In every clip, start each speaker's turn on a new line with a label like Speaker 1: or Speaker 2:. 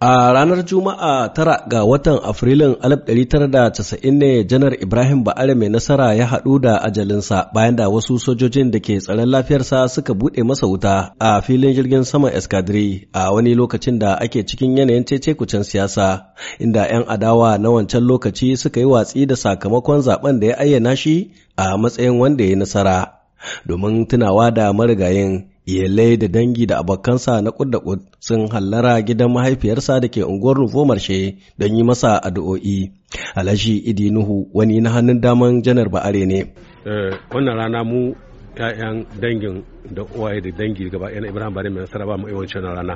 Speaker 1: A ranar Juma'a tara ga watan Afrilun 1990 ne Janar Ibrahim ba'ari mai nasara ya haɗu da ajalinsa bayan da wasu sojojin da ke tsaron lafiyarsa suka buɗe masa wuta a filin jirgin saman Eskadiri a wani lokacin da ake cikin yanayin cece-kucen siyasa, inda 'yan adawa na wancan lokaci suka yi watsi da sakamakon zaben da ya ayyana shi a matsayin wanda ya yi nasara. Domin tunawa da marigayin iyalai da dangi da abokansa na kud da kud sun hallara gidan mahaifiyarsa da ke unguwar Rufo Marshe don yi masa addu'o'i. Alhaji Idi Nuhu wani na hannun daman Janar Ba'are ne.
Speaker 2: Eh, wannan rana mu ‘ya'yan dangin da uwaye da dangi gaba na Ibrahim Bari mai nasara ba mu wancan rana.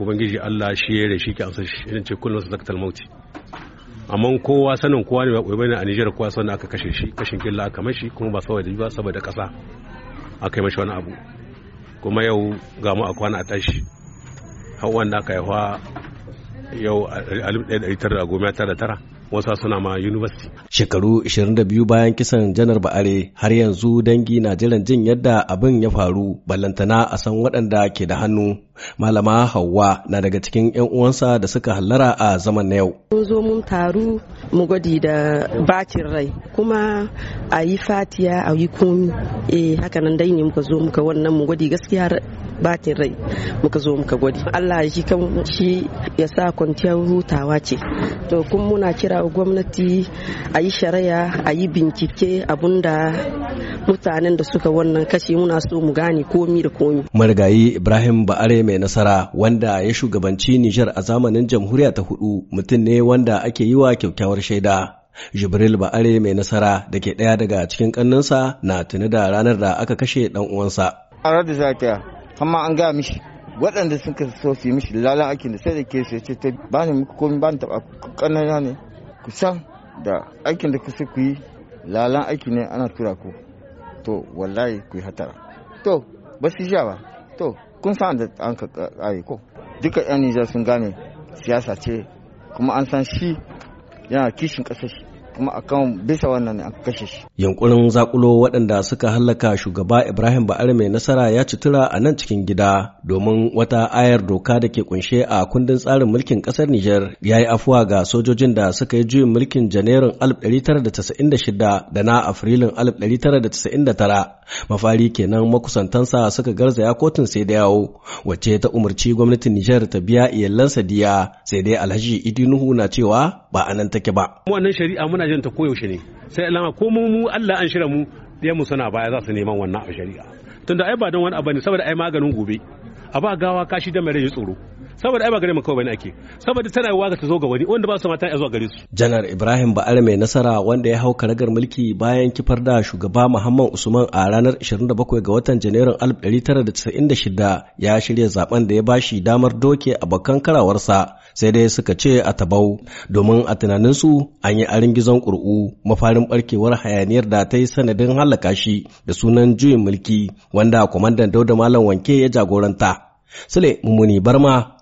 Speaker 2: Ubangiji Allah shi ya shi ke amsa shi ce kullum su zakatar mauti. amma kowa sanin kowa ne ba bane a Nijar kowa sanin aka kashe shi kashin killa aka mashi kuma ba saboda ba saboda ƙasa aka yi mashi wani abu kuma yau ga mu a kwana a tashi hawan yi kai yau a 1999 wasa suna ma university
Speaker 1: Shekaru 22 bayan kisan janar ba'are har yanzu dangi na jiran jin yadda abin ya faru ballantana a san waɗanda ke da hannu. Malama Hauwa na daga cikin 'yan uwansa da suka hallara a zaman na yau.
Speaker 3: Mun zo mun taru
Speaker 1: mu gwadi da bacin
Speaker 3: rai kuma a yi fatiya a yi komi eh haka nan dai ne muka zo muka wannan mu gwadi gaskiya bacin rai muka zo muka gwadi Allah shi kan shi ya sa kwanciyar hutawa ce to kuma muna kira gwamnati a yi yi shari'a a yi bincike abinda mutanen da suka wannan kashe muna so mu gane komi da komi.
Speaker 1: Marigayi Ibrahim Ba'are mai nasara wanda ya shugabanci Nijar a zamanin jamhuriya ta hudu mutum ne wanda ake yi wa kyakkyawar shaida. Jibril Ba'are mai nasara da ke ɗaya daga cikin ƙanninsa na tuni da ranar da aka kashe ɗan uwansa.
Speaker 4: A da zafiya, amma an gaya mishi waɗanda sun so su yi mishi lalan aikin da sai da ke sai ce ta bani muku komi bani taɓa ƙanana ne kusan da aikin da kusa ku yi lalan aiki ne ana tura ku to wallahi ku yi hatara to ba su sha ba to kun san da an ka kare ko duka yan nijar sun gane siyasa ce kuma an san shi yana kishin kasashe kuma akan bisa wannan ne kashe shi
Speaker 1: Yankunan zakulo waɗanda suka hallaka shugaba Ibrahim Ba'ar mai nasara ya citura a nan cikin gida domin wata ayar doka da ke kunshe a kundin tsarin mulkin ƙasar Nijar ya yi afuwa ga sojojin da suka yi juyin mulkin Janairun 1996 da na Afrilun 1999 mafari kenan makusantansa suka garzaya kotun sai da yawo wacce ta umarci gwamnatin Nijar ta biya iyalansa diya sai dai Alhaji Idi Nuhu na cewa ba a nan take ba
Speaker 2: wannan shari'a muna jin ta koyaushe ne sai alama ko mu Allah an shirya mu ɗaya mu suna baya za su neman wannan a shari'a tunda ai ba don wani abu ne saboda ai maganin gobe a ba gawa kashi da mai rage tsoro saboda ai ba gare mu kawai bane ake saboda tana yiwa ta zo ga wani wanda ba su mata ya zuwa gare su
Speaker 1: janar ibrahim ba'ala mai nasara wanda ya hau karagar mulki bayan kifar da shugaba muhammad usman a ranar 27 ga watan janairun 1996 ya shirya zaben da ya bashi damar doke abokan karawarsa sai dai suka ce a tabau domin a tunaninsu an yi arin gizon ƙur'u mafarin barkewar hayaniyar da ta yi sanadin hallaka shi da sunan juyin mulki wanda kwamandan dauda malam wanke ya jagoranta sule mummuni barma